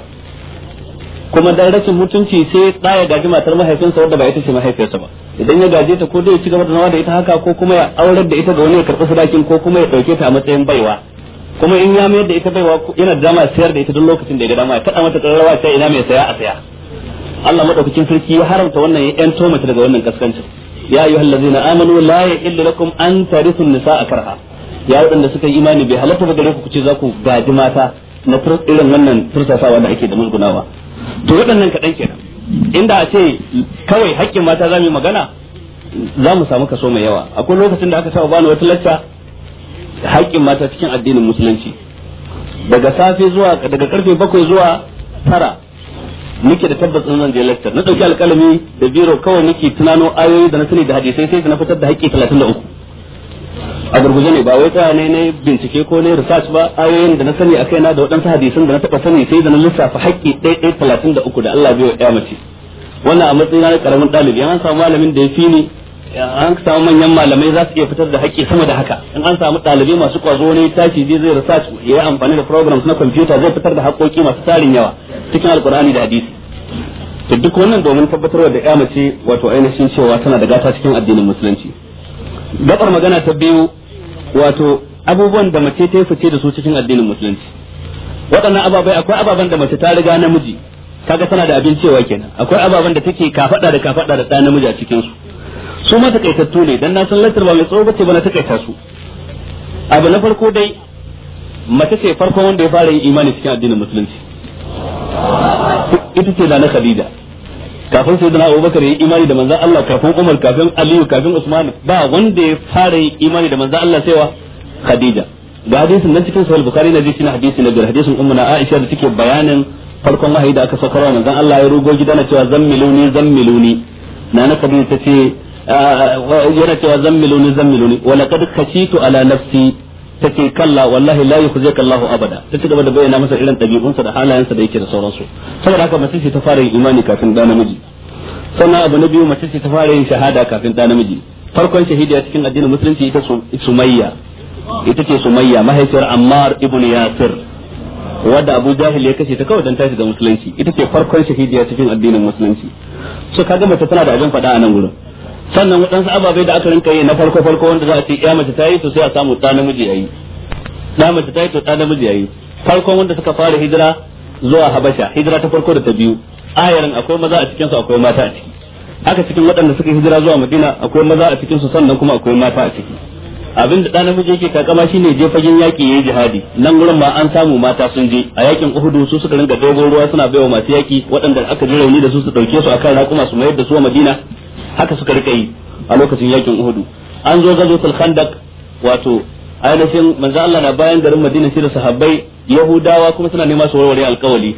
kuma dan rashin mutunci sai da ya gaji matar mahaifinsa wanda ba ita ce mahaifiyarsa ba idan ya gaje ta ko dai ya ci gaba da nawa da ita haka ko kuma ya aurar da ita ga wani ya karɓi sadakin ko kuma ya ɗauke ta a matsayin baiwa kuma in ya mayar da ita baiwa yana da dama sayar da ita duk lokacin da ya ga dama ya kaɗa mata ƙararrawa sai ina mai saya a saya Allah madaukakin sarki ya haramta wannan ya ƴan tomata daga wannan kaskancin ya ayu ladzina amanu la yahillu lakum an tarithu nisaa karha ya waɗanda suka yi imani bai halatta ba gare ku ce za ku gaji mata na irin wannan tursasawa da ake da musgunawa to waɗannan kaɗan kenan inda a ce kawai haƙƙin mata za mu yi magana za mu samu kaso mai yawa akwai lokacin da aka taɓa bani wata lacca haƙƙin mata cikin addinin musulunci daga safe zuwa daga karfe bakwai zuwa tara nake da tabbas zan je lacca na ɗauki alƙalami da biro kawai nake tunano ayoyi da na sani da hadisai sai na fitar da haƙƙi talatin da uku. a gurguje ne ba wai tsaya ne na bincike ko ne research ba ayoyin da na sani a kaina da waɗansu hadisan da na taɓa sani sai da na lissafa haƙƙi ɗaya ɗaya talatin da uku da Allah biyo ya ɗaya mace wannan a matsayina na ƙaramin ɗalibi an samu malamin da ya fi ni an samu manyan malamai za su iya fitar da haƙƙi sama da haka in an samu ɗalibi masu kwazo ne tashi zai zai research ya yi amfani da programs na kwamfuta zai fitar da haƙƙoƙi masu tarin yawa cikin alƙur'ani da hadisi to duk wannan domin tabbatarwa da ya mace wato ainihin cewa tana da gata cikin addinin musulunci gabar magana ta biyu wato abubuwan da mace ta fice da su cikin addinin musulunci waɗannan ababai akwai ababen da mace ta riga namiji kaga tana da abin cewa kenan akwai ababen da take kafada da kafada da ɗa namiji a cikin su su ma takaitattu ne dan na san lantar ba mai tsawo bace ba na takaita su abu na farko dai mace ce farkon wanda ya fara yin imani cikin addinin musulunci ita ce da na khadija kafin sai dana abubakar ya yi imani da manzan Allah kafin umar kafin aliyu kafin usman ba wanda ya fara yin imani da manzan Allah sai wa khadija ga hadisin nan cikin sahih bukhari na jisi na hadisi na biyar hadisin ummu na aisha da take bayanin farkon wahayi da aka sakarwa manzan Allah ya rugo gida na cewa zammiluni zammiluni na na khadija tace ah, ah, ah, yana cewa zammiluni zammiluni wa laqad khashitu ala nafsi tace kalla wallahi la yukhzika Allah abada ta ci gaba da bayyana masa irin dabi'unsa da halayensa da yake da sauransu saboda haka mace ce ta fara yin imani kafin da namiji sannan abu na biyu mace ce ta fara yin shahada kafin da namiji farkon shahidiya cikin addinin musulunci ita Sumayya ita ce Sumayya mahaifiyar Ammar ibn Yasir wadda Abu Jahil ya kashe ta kawai dan ta shiga musulunci ita ce farkon shahidiya cikin addinin musulunci so kaga mace tana da abin faɗa a nan gurin sannan waɗansu ababe da aka rinka yi na farko farko wanda za a ce ya mace ta yi to sai a samu ɗa namiji yayi ɗa ta yi to ɗa namiji yayi farkon wanda suka fara hijira zuwa habasha hijira ta farko da ta biyu ayarin akwai maza a cikin akwai mata a ciki haka cikin waɗanda suka hijira zuwa madina akwai maza a cikin sannan kuma akwai mata a ciki abin da ɗan namiji yake kakama shine je fagen yaƙi yayi jihadi nan gurin ma an samu mata sun je a yakin uhudu su suka ringa dogon ruwa suna baiwa masu yaƙi waɗanda aka ji rauni da su su ɗauke su akan raƙuma su mayar da su a madina haka suka rika yi a lokacin yakin uhudu an zo gazotul khandak wato ainihin manzo Allah na bayan garin Madina shi da sahabbai Yahudawa kuma suna nema su warware alkawali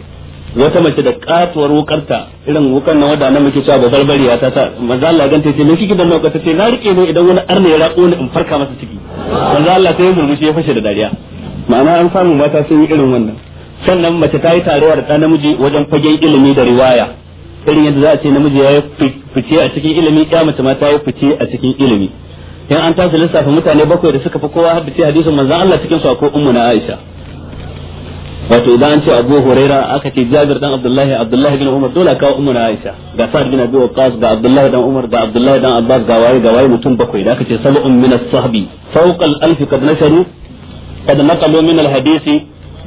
wata mace da katuwar wukarta irin wukan na wadda muke cewa ba bariya ta ta manzo Allah ganta ce me kike da nauka ta ce na rike ne idan wani arna ya rako ni in farka masa ciki manzo Allah sai murmushi ya fashe da dariya ma'ana an samu mata sun yi irin wannan sannan mace ta yi tarewa da ɗan namiji wajen fagen ilimi da riwaya irin yadda za a ce namiji ya yi fice a cikin ilimi ya mace ma ta yi fice a cikin ilimi in an tashi lissafa mutane bakwai da suka fi kowa haddace hadisin manzon Allah cikin su ko ummu na Aisha wato idan an ce Abu Huraira aka ce Jabir dan Abdullahi Abdullahi bin Umar dole kawo ummu na Aisha ga Sa'ad bin Abi Waqqas ga Abdullahi dan Umar ga Abdullahi dan Abbas ga waye ga waye mutum bakwai da aka ce sab'un min as-sahbi fawqa al-alf kad nasharu kad naqalu min al-hadisi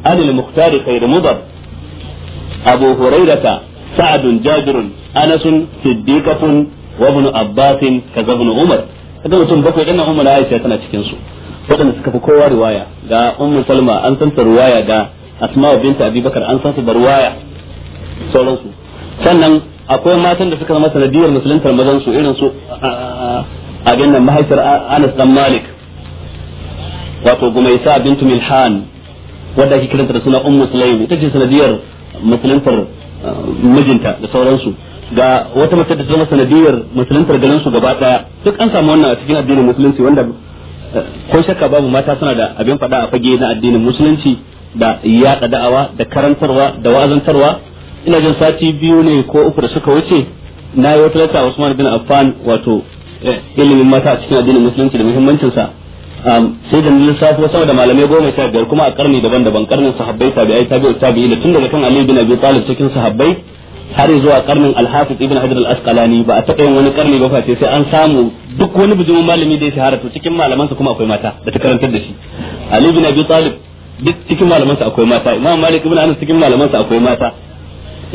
an al-mukhtar khayr mudar Abu Hurairata sa'adun Jajirun anasun siddiqatun wa ibn abbasin kaza umar kaga mutum bakwai dinnan umar aisha tana cikin kowa riwaya ga ummu abubakar sannan akwai matan da suka zama sanadiyar musuluntar mazan su irin su a mahaifiyar Anas dan Malik wato Gumaisa bintu Milhan wadda ake kiranta da suna Ummu Sulaim ita ce sanadiyar musuluntar mijinta da sauransu ga wata mace da ta zama sanadiyar musuluntar da su gaba daya duk an samu wannan a cikin addinin musulunci wanda eh, ko shakka babu mata suna da abin faɗa a fage na addinin musulunci da yaɗa da'awa da karantarwa da wa'azantarwa ina jin sati biyu ne ko uku da suka wuce na yi wata lata Usman bin Affan wato eh, ilimin mata a cikin addinin musulunci da muhimmancinsa Um, sai da lissafo sama da malamai goma sha biyar kuma a karni daban-daban karnin sahabbai tabi'ai tabi'u tabi'i da tun daga kan Ali bin Abi Talib cikin sahabbai har zuwa karnin Al-Hafiz Ibn Hajar Al-Asqalani ba a taɓa yin wani karni ba face sai an samu duk wani bijimin malami da ya shahara to cikin malamansa kuma akwai mata da ta karantar da shi Ali bin Abi Talib duk cikin malamansa akwai mata Imam Malik ibn Anas cikin malamansa akwai mata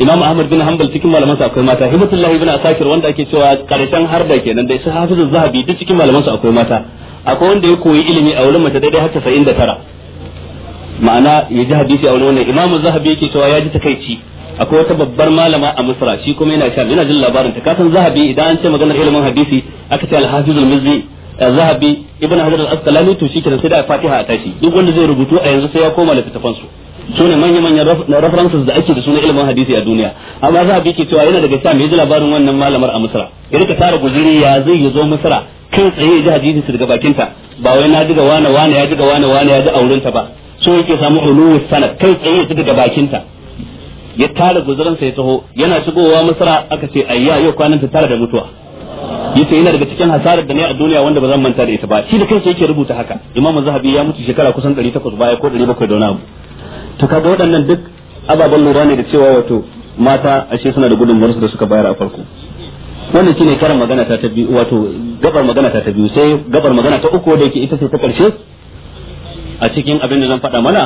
Imam Ahmad bin Hanbal cikin malamansa akwai mata Hibatullah ibn Asakir wanda ake cewa karshen harda kenan da su Hafiz zahabi duk cikin malamansa akwai mata akwai wanda ya koyi ilimi a wurin mace daidai har tara ma'ana ya ji hadisi a wani wannan imamu zahabi yake cewa ya ji takaici akwai wata babbar malama a misra shi kuma yana sha yana jin labarin ta kasan zahabi idan an ce maganar ilimin hadisi aka ce al-hafiz mizzi zahabi ibn hajar al-asqalani to shi kenan sai da fatiha a tashi duk wanda zai rubutu a yanzu sai ya koma littafan su sune manya manyan references da ake da suna ilimin hadisi a duniya amma zahabi ke cewa yana daga sham yaji labarin wannan malamar a misra ya rika tara guzuri ya zai ya zo misra kan tsaye ya ji hadisi daga bakinta ba wai na diga wane wane ya diga wane wane ya ji ta ba so yake samu uluwu sanad kan tsaye ya ji daga bakinta ya tara sa ya taho yana shigowa misra aka ce ayya yau kwanan ta tara da mutuwa yace yana daga cikin hasarar da ne a duniya wanda ba zan manta da ita ba shi da kansa yake rubuta haka imamu zahabi ya mutu shekara kusan 800 baya ko 700 da wani abu to kaga waɗannan duk ababen lura ne da cewa wato mata ashe suna da gudunmuwarsu da suka bayar a farko wannan shine karin magana ta ta biyu wato gabar magana ta ta biyu sai gabar magana ta uku da yake ita ce ta karshe a cikin abin da zan faɗa mana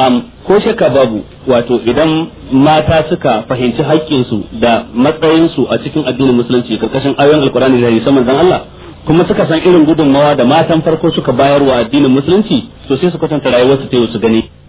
um, ko shakka babu wato idan mata suka fahimci haƙƙinsu da matsayinsu a cikin addinin musulunci karkashin ayoyin alkurani da hadisan manzon Allah kuma suka san irin gudunmawa da matan farko suka bayarwa addinin musulunci to sai su kwatanta rayuwarsu ta yau su gani